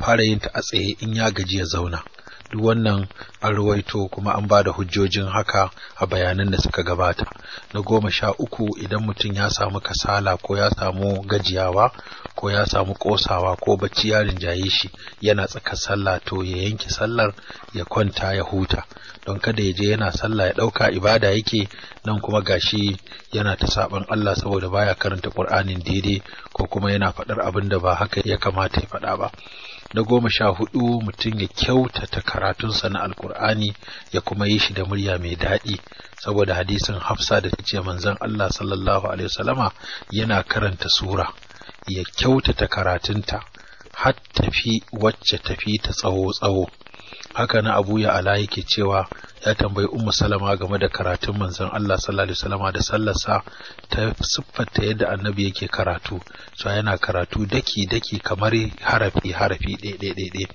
fara yin ta a tsaye in ya gaji ya zauna duk wannan an ruwaito kuma an ba da hujjojin haka a bayanan da suka gabata na goma sha uku idan mutum ya samu kasala ko ya samu gajiyawa ko ya samu kosawa ko bacci ya rinjaye shi yana tsaka sallah to ya yanke sallar ya kwanta ya huta don kada ya je yana sallah ya ɗauka ibada yake nan kuma gashi yana ta saban Allah saboda baya karanta Qur'anin daidai ko kuma yana faɗar abin da ba haka ya kamata ya faɗa ba na goma sha hudu mutum ya kyautata karatunsa na alkur'ani ya kuma yi shi da murya mai daɗi saboda hadisin hafsa da ta ce manzon Allah sallallahu alaihi wasallama yana karanta sura ya kyautata karatunta har tafi wacce tafi ta tsawo tsawo haka na abu ya ala yake cewa ya tambayi ummu salama game da karatun manzon Allah sallallahu alaihi wasallama da sallarsa ta siffata yadda annabi yake karatu so yana karatu daki daki kamar harafi harafi ɗaya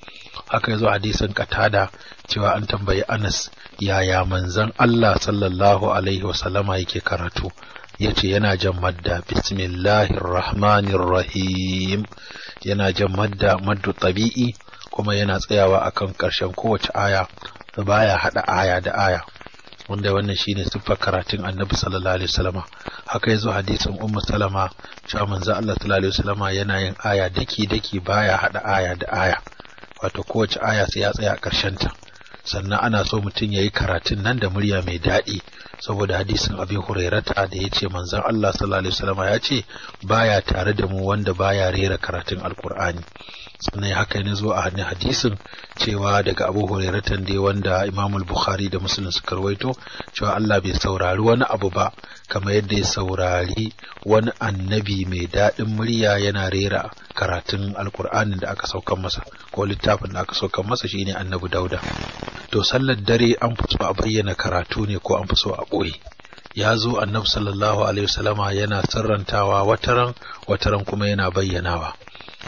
haka yazo hadisin katada cewa an tambayi Anas yaya manzon Allah sallallahu alaihi wasallama yake karatu yace yana jan madda bismillahir rahmanir rahim yana jan madda maddu tabi'i kuma yana tsayawa akan ƙarshen kowace aya da baya haɗa aya da aya wanda wannan shine siffar karatun annabi sallallahu alaihi wasallama haka yazo hadisin ummu salama cewa manzo Allah sallallahu alaihi wasallama yana yin aya daki daki baya haɗa aya da aya wato kowace aya sai ya tsaya ƙarshen ta sannan ana so mutum yayi karatun nan da murya mai daɗi saboda hadisin abin hurairata da ya ce manzan Allah sallallahu alaihi wasallama ya ce baya tare da mu wanda baya rera karatun alkur'ani sannan haka ne zo a hannun hadisin cewa daga abu hurairatan dai wanda imamul bukhari da musulun suka rawaito cewa Allah bai saurari wani abu ba kamar yadda ya saurari wani annabi mai daɗin murya yana rera karatun alkur'anin da aka saukan masa ko littafin da aka saukan masa shine annabi dauda to sallar dare an fito a bayyana karatu ne ko an fito a ɓoye ya zo annabi sallallahu alaihi wasallama yana sirrantawa wataran wataran kuma yana bayyanawa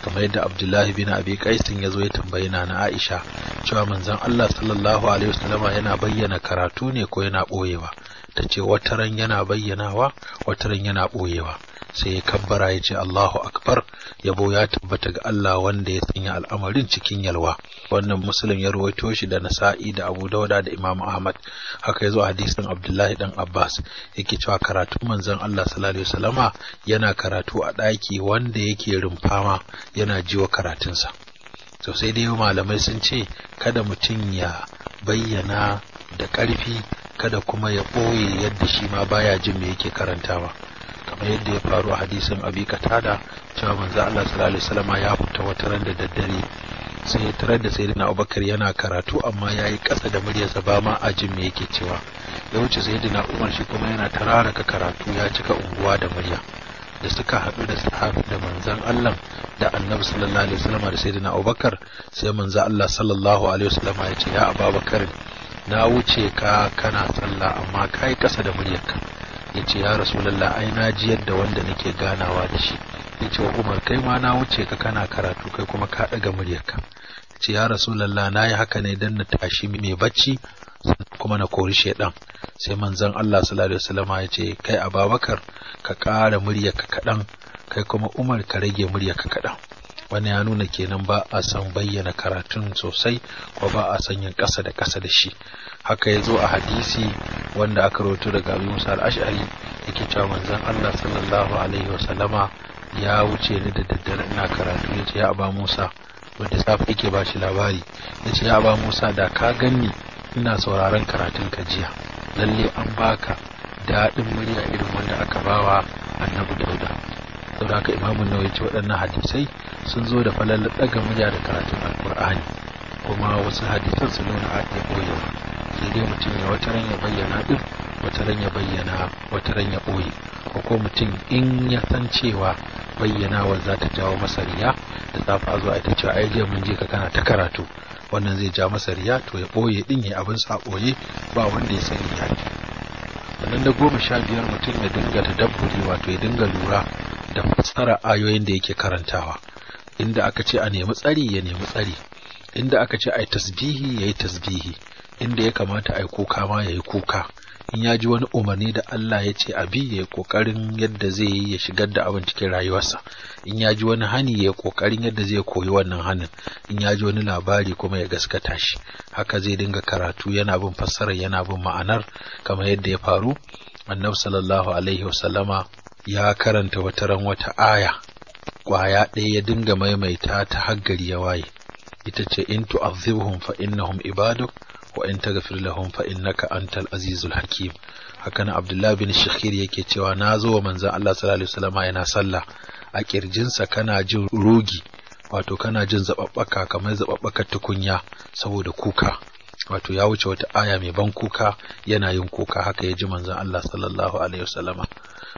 kamar yadda Abdullahi bin Abi kaisin ya zo ya tambayi na Aisha cewa manzon Allah sallallahu alaihi wasallama yana bayyana karatu ne ko yana boyewa tace wataran yana bayyanawa wataran yana ɓoyewa? sai ya kabbara ya ce Allahu akbar yabo ya tabbata ga Allah wanda ya sanya al'amarin cikin yalwa wannan muslim ya ruwaito shi da nasa'i da abu dauda da imam ahmad haka ya zo hadisin abdullahi dan abbas yake cewa karatun manzon Allah sallallahu alaihi wasallama yana karatu a ɗaki wanda yake rumfama yana jiwa karatunsa to sai dai malamai sun ce kada mutum ya bayyana da ƙarfi kada kuma ya ɓoye yadda shi ma baya jin me yake karantawa kamar yadda ya faru a hadisin abi katada cewa manzo Allah sallallahu alaihi wasallam ya fita wata ran da daddare sai ya tarar da sayyidina Abubakar yana karatu amma yayi kasa da muryarsa ba ma a jin me yake cewa ya wuce sayyidina Umar shi kuma yana tararaka karatu ya cika unguwa da murya da suka haɗu da sahabi da manzan Allah da annabi sallallahu alaihi wasallam da sayyidina Abubakar sai manzo Allah sallallahu alaihi wasallam ya ce ya Abubakar na wuce ka kana sallah amma kai kasa da muryarka ya ce ya rasulallah ai na ji yadda wanda nake ganawa da shi ya ce wa umar kai ma na wuce ka kana karatu kai kuma ka ɗaga muryarka ya ce ya rasulallah na yi haka ne don na tashi mai bacci kuma na kori shaidan sai manzon Allah sallallahu alaihi wasallama ya ce kai Ababakar ka ƙara muryarka kaɗan kai kuma Umar ka rage muryarka kaɗan wani ya nuna kenan ba a san bayyana karatun sosai ko ba a san yin kasa da kasa da shi haka ya zo a hadisi wanda aka rawaito daga Abu Musa al-Ash'ari yake cewa manzon Allah sallallahu alaihi wasallama ya wuce ni da daddare ina karatu yace ya Aba Musa wanda safi yake ba shi labari yace ya Aba Musa da ka ganni ina sauraron karatun ka jiya lalle an baka daɗin murya irin wanda aka bawa annabi dauda saboda haka imamu ya ce waɗannan hadisai sun zo da falalar ɗaga miya da karatun alkur'ani kuma wasu hadisan su nuna a iya ɓoyewa sai dai mutum ya wata ran bayyana ɗin wata ran bayyana wata ran ɓoye ko ko mutum in ya san cewa wa za ta jawo masa riya da za fa zuwa a ta cewa ai mun je ka kana ta karatu wannan zai ja masa riya to ya ɓoye ɗin ya abin sa ɓoye ba wanda ya sani ya Wannan da goma sha biyar mutum ya dinga ta dabburi wato ya dinga lura da fassara ayoyin da yake karantawa inda aka ce a nemi tsari ya nemi tsari inda aka ce a yi tasbihi ya yi tasbihi inda ya kamata a yi kuka ma ya yi kuka in ya ji wani umarni da Allah ya ce abi ya yi kokarin yadda zai yi ya shigar da abin cikin rayuwarsa in ya ji wani hani ya yi ƙoƙarin yadda zai koyi wannan hanin in ya ji wani labari kuma ya gaskata shi haka zai dinga karatu yana bin fassara yana bin ma'anar kamar yadda ya faru annabi sallallahu alaihi wasallama ya karanta wata wata aya Kwaya ɗaya ya dinga maimaita ta har ya waye ita ce in tu'azzibhum fa innahum ibaduk wa in taghfir lahum fa innaka antal azizul hakim hakan abdullahi bin shakhir yake cewa na zo wa manzon Allah sallallahu alaihi wasallama yana sallah a kirjinsa kana jin rogi wato kana jin zababbaka kamar zababbakar tukunya saboda kuka wato ya wuce wata aya mai ban kuka yana yin kuka haka ya ji manzon Allah sallallahu alaihi wasallama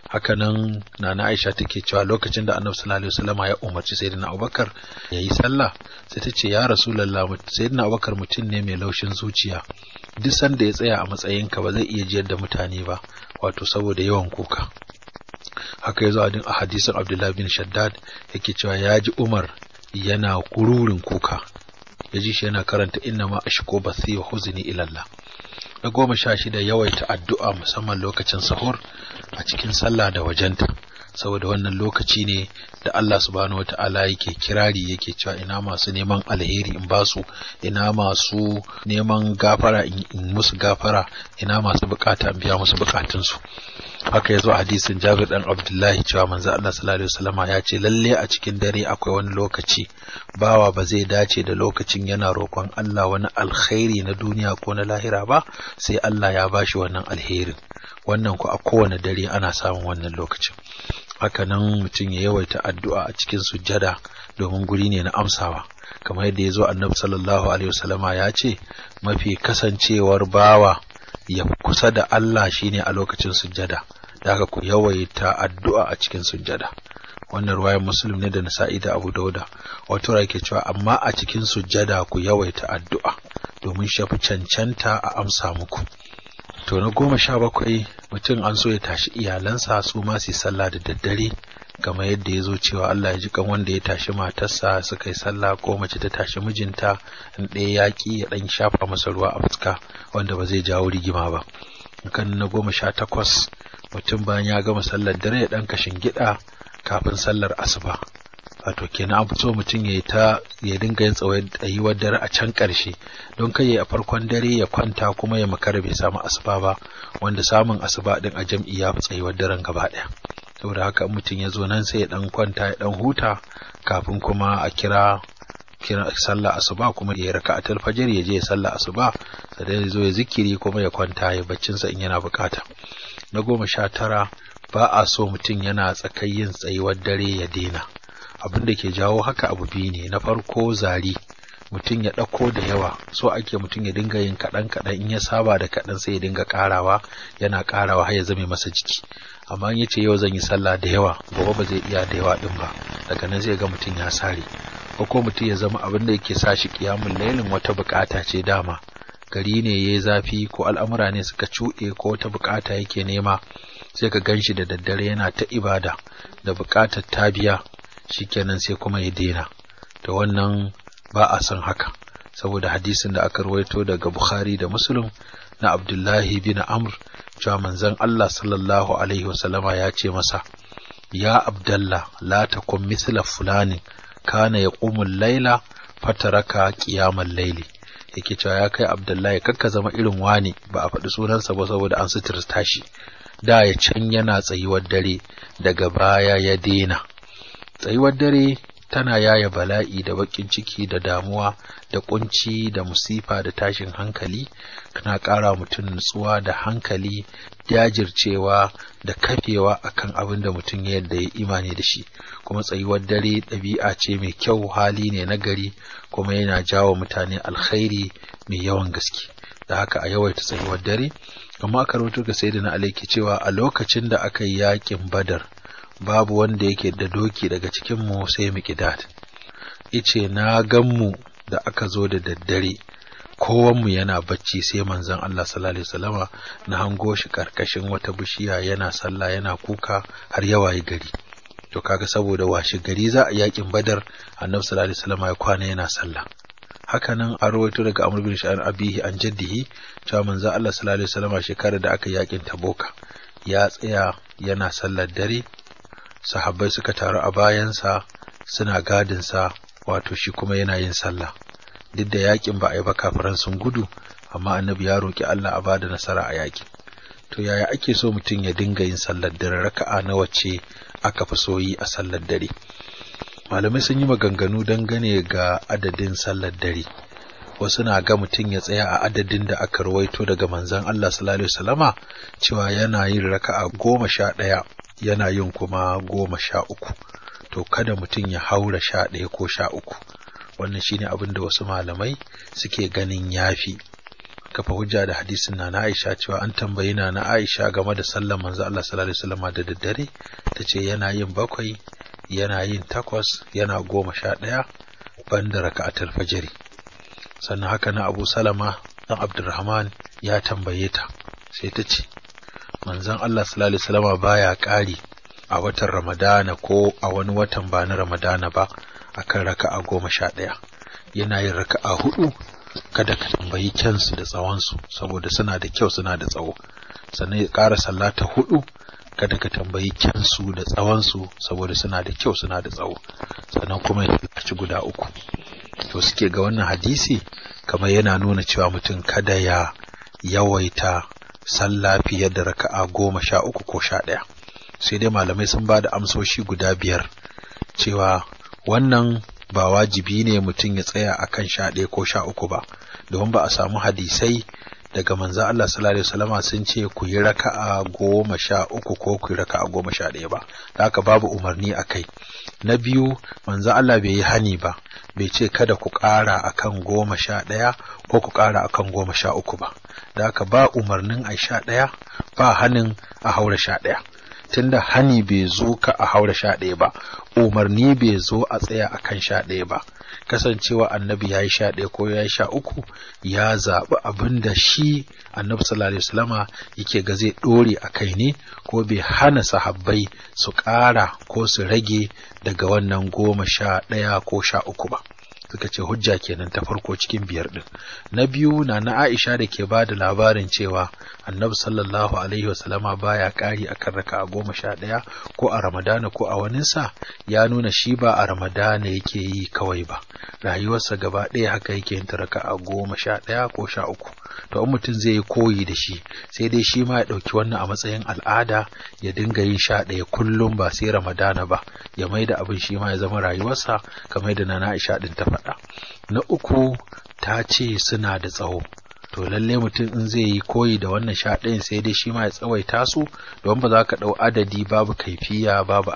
hakanan nana Aisha take cewa lokacin da Annabi sallallahu alaihi wasallama ya umarci sayyidina Abubakar ya yi sallah sai ta ce ya Rasulullah sayyidina Abubakar mutum ne mai laushin zuciya duk sanda ya tsaya a matsayinka ba zai iya jiyar da mutane ba wato saboda yawan kuka haka ya zo a hadisin Abdullah bin Shaddad yake cewa ya ji Umar yana kururin kuka ya ji shi yana karanta inna ma ashko basi wa huzni ilallah na goma sha shida yawaita addu'a musamman lokacin sahur a cikin sallah da wajenta saboda wannan lokaci ne da Allah subhanahu ta'ala yake kirari yake cewa ina masu neman alheri in basu ina masu neman gafara in musu gafara ina masu bukata in biya musu bukatunsu haka ya zo hadisin Jabir dan Abdullahi cewa manzo Allah sallallahu alaihi wasallama ya ce lalle a cikin dare akwai wani lokaci bawa ba zai dace da lokacin yana roƙon Allah wani alkhairi na duniya ko na lahira ba sai Allah ya bashi wannan alherin wannan ku a kowane dare ana samun wannan lokacin haka nan mutum ya yawaita addu'a a cikin sujjada domin guri ne na amsawa kamar yadda ya zo annabi sallallahu alaihi wasallama ya ce mafi kasancewar bawa ya kusa da Allah shine a lokacin sujjada da haka ku yawaita addu'a a cikin sujjada wannan ruwayar muslim ne da nasa'i da abu dauda wato rai ke cewa amma a cikin sujjada ku yawaita addu'a domin shafi cancanta a amsa muku to na goma sha bakwai mutum an so ya tashi iyalansa su ma su sallah da daddare kamar yadda ya zo cewa Allah ya ji kan wanda ya tashi matarsa suka yi sallah ko mace ta tashi mijinta in ɗaya yaƙi ya ɗan shafa masa ruwa a fuska wanda ba zai jawo rigima ba kan na goma sha takwas mutum bayan ya gama sallar dare ya ɗan kashin gida kafin sallar asuba wato kenan an fito mutum ya ta ya dinga yin tsawon wa dare a can ƙarshe don kai a farkon dare ya kwanta kuma ya makara bai samu asuba ba wanda samun asuba din a jam'i ya fi tsayuwar daren gaba ɗaya saboda haka mutum ya zo nan sai ya dan kwanta ya dan huta kafin kuma a kira kira sallah asuba kuma ya raka a ya je ya sallah asuba sai ya zo ya zikiri kuma ya kwanta ya baccinsa in yana bukata na goma sha tara ba a so mutum yana tsakayin tsayuwar dare ya daina abin da ke jawo haka abu biyu ne na farko zari mutum ya ɗauko da yawa so ake mutum ya dinga yin kaɗan kaɗan in ya saba da kaɗan sai ya dinga karawa yana ƙarawa har ya zame masa jiki amma in yace yau zan yi sallah da yawa gobe ba zai iya da yawa din ba daga nan zai ga mutum ya sare ko mutum ya zama abin da yake sa shi kiyamun lailin wata bukata ce dama gari ne yayi zafi ko al'amura ne suka cuɗe ko wata bukata yake nema sai ka ganshi da daddare yana ta ibada da bukatar ta biya shikenan sai kuma ya daina to wannan ba a san haka saboda hadisin da aka rawaito daga Bukhari da Muslim na Abdullahi bin Amr cewa manzon Allah sallallahu alaihi wasallama ya ce masa ya abdallah la kun mithla fulani kana yaqumu laila fataraka ƙiyamar laili. yake cewa ya kai ya kakka zama irin wani ba a faɗi sunansa ba saboda an suturta shi da ya can yana tsayuwar dare daga baya ya dena tsayuwar dare tana yaya bala'i da baƙin ciki da damuwa da kunci da musifa da tashin hankali tana ƙara mutum nutsuwa da hankali jajircewa da kafewa akan abin da mutum ya yadda ya imani da shi kuma tsayuwar dare ɗabi'a ce mai kyau hali ne na gari kuma yana jawo mutane alkhairi mai yawan gaske da haka a yawaita tsayuwar dare amma aka rawaito ga sayyidina Ali cewa a lokacin da aka yi yaƙin Badar babu wanda yake da doki daga cikinmu sai ta. ice na ganmu da aka zo da daddare kowanmu yana bacci sai manzon Allah sallallahu alaihi wasallama na hango shi karkashin wata bishiya yana sallah yana kuka har yawa ya gari to kaga saboda washi gari za a yakin badar annabi sallallahu alaihi wasallama ya kwana yana sallah nan a rawaito daga Amr bin Sha'an abihi an jaddihi cewa manzon Allah sallallahu alaihi wasallama shekarar da aka yakin Taboka ya tsaya yana sallar dare sahabbai suka taru a bayansa suna gadinsa wato shi kuma yana yin sallah duk da yakin ba a yi ba kafiran sun gudu amma annabi ya roki Allah a bada nasara a yaki to yaya ake so mutum ya dinga yin sallar dare raka'a na wacce aka fi so yi a sallar dare malamai sun yi maganganu dangane ga adadin sallar dare wasu na ga mutum ya tsaya a adadin da aka ruwaito daga manzon Allah sallallahu alaihi wasallama cewa yana yin raka'a goma sha ɗaya yana yin kuma goma sha uku to kada mutum ya haura sha ɗaya ko sha uku wannan shine abin da wasu malamai suke ganin yafi kafa hujja da hadisin na na Aisha cewa an tambayi na na Aisha game da sallar manzo Allah sallallahu alaihi wasallam da daddare tace yana yin bakwai yana yin takwas yana goma sha ɗaya banda raka'atul fajri sannan haka na Abu Salama dan Abdurrahman ya tambaye ta sai ta ce manzon Allah sallallahu alaihi baya ƙari a watan Ramadana ko a wani watan ba na Ramadana ba akan raka'a goma sha ɗaya yana yin raka'a hudu kada ka tambayi kyansu da tsawonsu saboda suna da kyau suna da tsawo sannan ya ƙara sallata hudu kada ka tambayi kyansu da tsawonsu saboda suna da kyau suna da tsawo sannan kuma ya ci guda uku to suke ga wannan hadisi kamar yana nuna cewa mutum kada ya yawaita sallah fiye da raka'a goma sha uku ko sha ɗaya sai dai malamai sun ba da amsoshi guda biyar cewa wannan ba wajibi ne mutum ya tsaya akan sha ɗaya ko sha uku ba domin ba a samu hadisai daga manzan Allah sallallahu alaihi wasallama sun ce ku yi raka'a goma sha uku ko ku yi raka'a goma sha ɗaya ba da haka babu umarni a kai na biyu manzan Allah bai yi hani ba bai ce kada ku ƙara akan goma sha ɗaya ko ku ƙara akan goma sha uku ba da haka ba umarnin a sha ɗaya ba hanin a haura sha ɗaya tunda hani bai zo ka a haura sha ɗaya ba umarni bai zo a tsaya akan sha ɗaya ba kasancewa annabi ya yi sha ɗaya ko ya yi sha uku ya zaɓi abin da shi annabi sallallahu alaihi yake ga zai ɗore a kai ne ko bai hana sahabbai su ƙara ko su rage daga wannan goma sha ɗaya ko sha uku ba. suka ce hujja kenan ta farko cikin biyar din na biyu na na Aisha da ke bada labarin cewa Annabi sallallahu alaihi wasallama baya kari akan raka'a goma sha ɗaya ko a Ramadana ko a wani sa ya nuna shi ba a Ramadana yake yi kawai ba rayuwarsa gaba ɗaya haka yake yin ta raka'a goma sha ɗaya ko sha uku to in mutum zai yi koyi da shi sai dai shi ma ya ɗauki wannan a matsayin al'ada ya dinga yin sha ɗaya kullum ba sai Ramadana ba ya maida abin shi ma ya zama rayuwarsa kamar da na Aisha din ta faɗa faɗa na uku ta ce suna da tsawo to lalle mutum in zai yi koyi da wannan sha ɗayan sai dai shi ma ya tsawaita su don ba za ka ɗau adadi babu kaifiya babu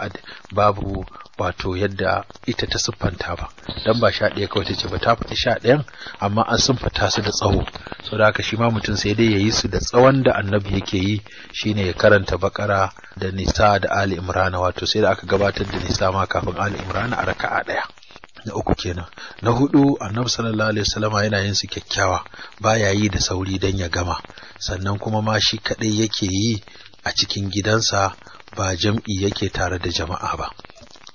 babu wato yadda ita ta siffanta ba don ba sha ɗaya kawai ta ce ba ta faɗi sha ɗayan amma an siffanta su da tsawo so da haka shi ma mutum sai dai ya yi su da tsawon da annabi yake yi shine ya karanta bakara da nisa da ali imrana wato sai da aka gabatar da nisa ma kafin ali imrana a raka'a ɗaya na uku kenan na hudu annabi sallallahu alaihi wasallama yana yin su kyakkyawa baya yi da sauri dan ya gama sannan kuma ma shi kadai yake yi a cikin gidansa ba jam'i yake tare da jama'a ba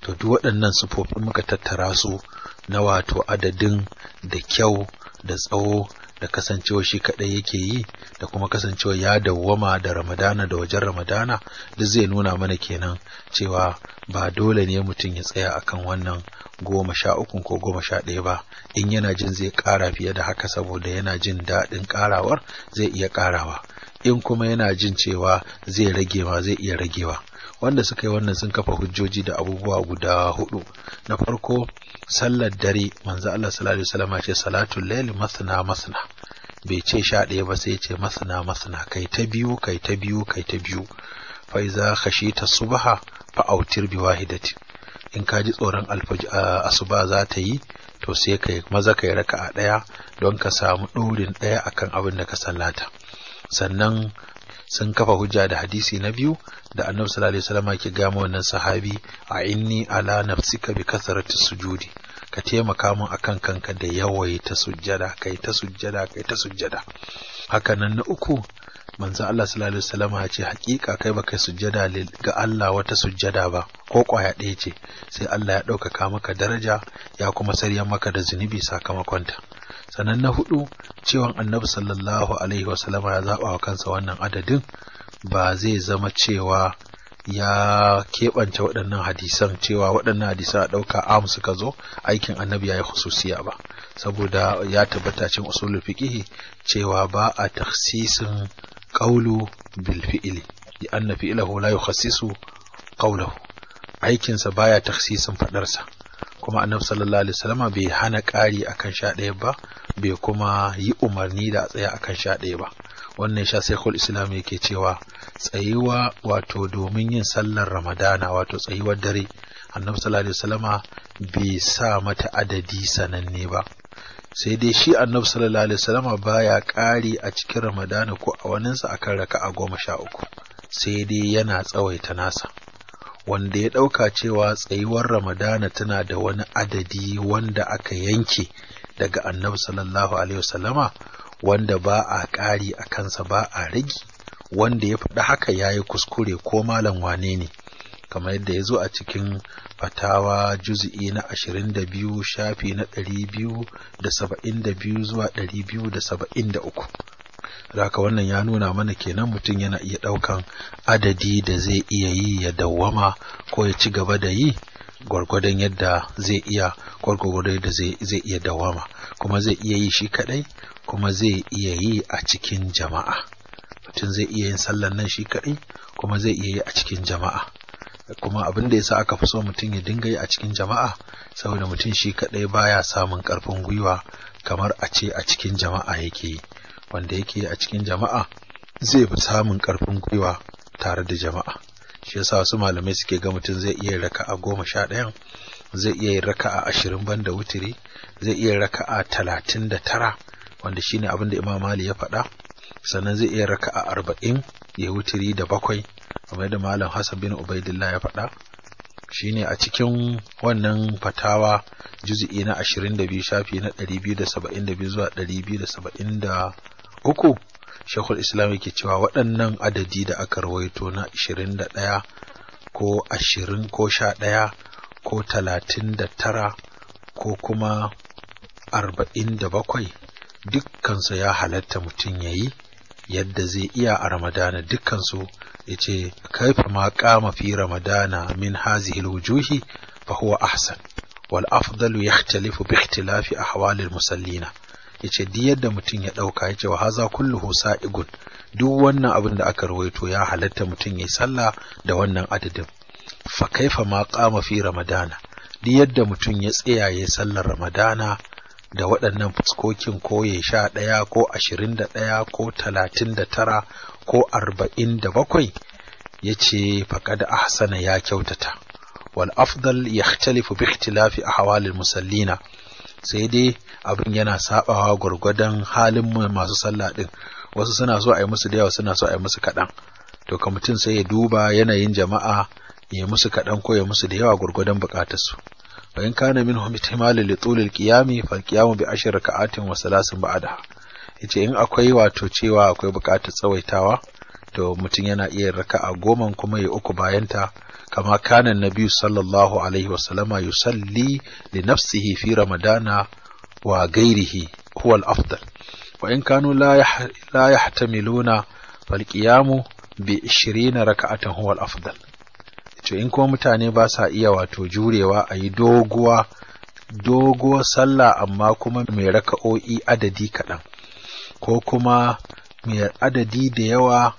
to duk waɗannan sufofin muka tattara su na wato adadin da kyau da tsawo da kasancewa shi kaɗai yake yi da kuma kasancewa ya dawwama da ramadana da wajen ramadana da zai nuna mana kenan cewa ba dole ne mutum ya tsaya akan wannan goma sha uku ko goma sha ɗaya ba in yana jin zai ƙara fiye da haka saboda yana jin daɗin ƙarawar zai iya ƙarawa in kuma yana jin cewa zai rage ma zai iya ragewa wanda suka yi wannan sun kafa hujjoji da abubuwa guda hudu na farko sallar dare manzo Allah sallallahu alaihi wasallam ce salatul layl masna masna bai ce sha ɗaya ba sai ce masna masna kai ta biyu kai ta biyu kai ta biyu fa iza khashita subha fa autir bi wahidati in ka ji tsoron asuba za ta yi to sai kai maza kai raka'a ɗaya don ka samu ɗorin ɗaya akan abin da ka sallata sannan sun kafa hujja da hadisi na biyu da annabi sallallahu alaihi wasallam ke ga wannan sahabi a inni ala nafsika bi kasarati sujudi ka taimaka min akan kanka da yawaita sujjada kai ta sujjada kai ta sujjada haka nan na uku manzo Allah sallallahu alaihi wasallam ya ce hakika kai baka sujjada ga Allah wata sujjada ba ko kwaya ɗaya ce sai Allah ya ɗaukaka maka daraja ya kuma sarya maka da zunubi sakamakonta sannan na hudu cewan annabi sallallahu alaihi wasallama ya zaba wa kansa wannan adadin ba zai zama cewa ya keɓance waɗannan hadisan cewa waɗannan hadisan a ɗauka am suka zo aikin annabi ya yi hususiya ba saboda ya tabbata cin usulul fiqh cewa ba a takhsisin qawlu bil fi'li anna fi'lahu la yukhassisu qawluhu aikinsa baya takhsisin faɗarsa kuma annabi sallallahu alaihi wasallama bai hana ƙari akan sha ɗaya ba bai kuma yi umarni da a tsaya akan sha ɗaya ba wannan sha shaikhul islam yake cewa tsayuwa wato domin yin sallar ramadana wato tsayuwar dare annabi sallallahu alaihi wasallama bai sa mata adadi sananne ba sai dai shi annabi sallallahu alaihi wasallama baya ƙari a cikin ramadana ko a waninsa akan raka'a goma sha uku sai dai yana tsawaita nasa wanda ya ɗauka cewa tsayuwar ramadana tana da wani adadi wanda aka yanke daga annabi sallallahu alaihi wasallama wanda ba a ƙari a kansa ba a rage wanda ya faɗi haka ya yi kuskure ko malam wane ne kamar yadda ya zo a cikin fatawa juzi'i na ashirin da biyu shafi na ɗari biyu da saba'in da biyu zuwa ɗari biyu da saba'in da uku haka wannan ya nuna mana kenan mutum yana iya ɗaukan adadi da zai iya yi ya dawwama ko ya ci gaba da yi gwargwadon yadda zai iya gwargwadon yadda zai iya dawwama kuma zai iya yi shi kaɗai, kuma zai iya yi a cikin jama'a mutum zai iya yin sallan nan shi kaɗai, kuma zai iya yi a cikin jama'a kuma abin da yasa aka fi so mutum ya dinga yi a cikin jama'a saboda mutum shi kadai baya samun karfin gwiwa kamar a ce a cikin jama'a yake yi wanda yake a cikin jama'a zai fi samun ƙarfin gwiwa tare da jama'a shi yasa wasu malamai suke ga mutum zai iya raka'a goma sha ɗaya zai iya yin raka'a ashirin banda wuturi, zai iya raka'a talatin da tara wanda shine abin da imam mali ya faɗa sannan zai iya raka'a arba'in ya wuturi da bakwai kamar yadda malam hassan bin ubaidillah ya faɗa shine a cikin wannan fatawa juzi'i na ashirin da biyu shafi na ɗari biyu da saba'in da biyu zuwa ɗari biyu da saba'in da uku shekul islam yake cewa waɗannan adadi da aka rawaito na ashirin da ɗaya ko ashirin ko sha ɗaya ko talatin da tara ko kuma arba'in da bakwai dukkansu ya halatta mutum ya yi yadda zai iya a ramadana dukkansu ya ce kaifa ma kama fi ramadana min hazihil wujuhi fa huwa ahsan wal afdalu yahtalifu bi ikhtilafi ahwalil musallina yace duk yadda mutum ya dauka yace wa haza kulluhu sa'igun duk wannan abin da aka rawaito ya halatta mutum yayi sallah da wannan adadin fa kaifa ma qama fi ramadana duk yadda mutum ya tsaya yayi sallar ramadana da waɗannan fuskokin ko ya sha ɗaya ko ashirin da ɗaya ko talatin da tara ko arba'in da bakwai ya ce faƙada ahsana ya kyautata wal afdal ya bi ikhtilafi a hawalin musallina sai dai abin yana sabawa gwargwadon halin masu sallah din wasu suna so a yi musu da suna so a yi musu kaɗan to ka mutum sai ya duba yanayin jama'a ya musu kaɗan ko ya musu da yawa bukatar su. wa in kana min ihtimalu li al qiyami fa qiyamu bi ashr ka'atin wa salasin ba'ada. yace in akwai wato cewa akwai buƙatar tsawaitawa to mutum yana iya raka'a goma kuma ya uku bayanta kama na nabi sallallahu alaihi wasallama yusalli li nafsihi fi ramadana wa gairihi huwa al-afdal wa in kanu la yahtamiluna fal qiyamu bi 20 raka'atan huwa al-afdal to in kuma mutane ba sa iya wato jurewa a yi doguwa doguwar sallah amma kuma mai raka'o'i adadi kaɗan ko kuma mai adadi da yawa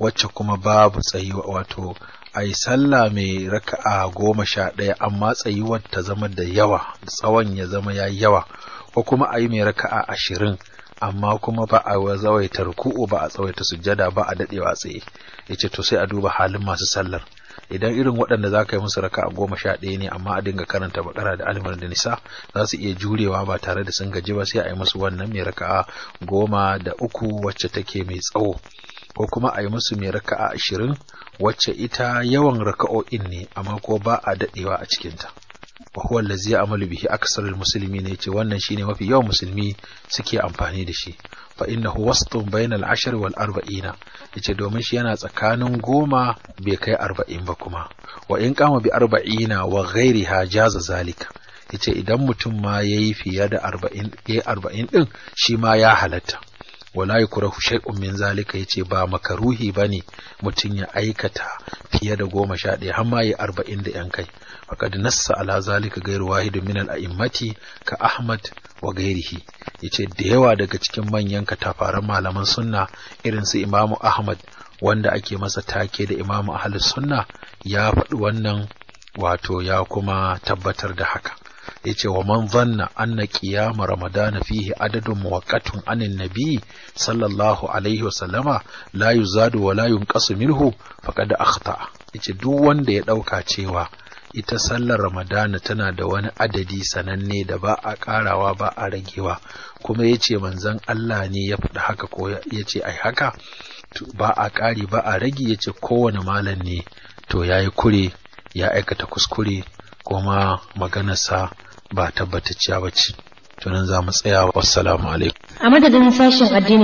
wacce kuma babu tsayuwa wato a yi sallah mai raka'a goma sha ɗaya amma tsayuwar ta zama da yawa tsawon ya zama ya yawa ko kuma a yi mai raka'a ashirin amma kuma ba a zawaita ruku'u ba a tsawaita sujjada ba a daɗewa tsaye ya ce to sai a duba halin masu sallar idan irin waɗanda za ka yi musu raka'a goma sha ɗaya ne amma a dinga karanta bakara da alimar da nisa za su iya jurewa ba tare da sun gaji ba sai a yi musu wannan mai raka'a goma da uku wacce take mai tsawo ko kuma a yi musu mai raka'a ashirin wacce ita yawan raka'o'in ne amma ko ba a daɗewa a cikinta wa huwa allazi ya'malu bihi aksarul muslimi ne ce wannan shine mafi yawan musulmi suke amfani da shi fa innahu wastun bainal ashr wal arba'ina yace domin shi yana tsakanin goma bai kai arba'in ba kuma wa in kama bi arba'ina wa ghairiha jaza zalika yace idan mutum ma yayi fiye da arba'in ɗin shi ma ya halatta wala yukrahu shay'un min zalika yace ba makaruhi bane mutum ya aikata fiye da goma sha ɗaya har ma yi arba'in da yan kai faqad nassa ala zalika gairu wahidin min al-a'immati ka Ahmad wa gairihi yace da yawa daga cikin manyan katafaran malaman sunna irin su Imam Ahmad wanda ake masa take da Imam Ahlus Sunna ya faɗi wannan wato ya kuma tabbatar da haka yace wa man zanna anna qiyam ramadana fihi adadun muwaqqatun anin nabi sallallahu alaihi wasallama la yuzadu wa la yunqasu minhu faqad akhta yace duk wanda ya dauka cewa ita sallar ramadana tana da wani adadi sananne da ba a karawa ba a ragewa kuma yace manzon Allah ne ya faɗi haka ko yace ai haka ba a ƙari ba a rage yace kowane malam ne to yayi kure ya aikata kuskure kuma sa. ba tabbatacciya ba ce. Tunan za mu tsaya wa wassalamu alaikum. A madadin sashen addinin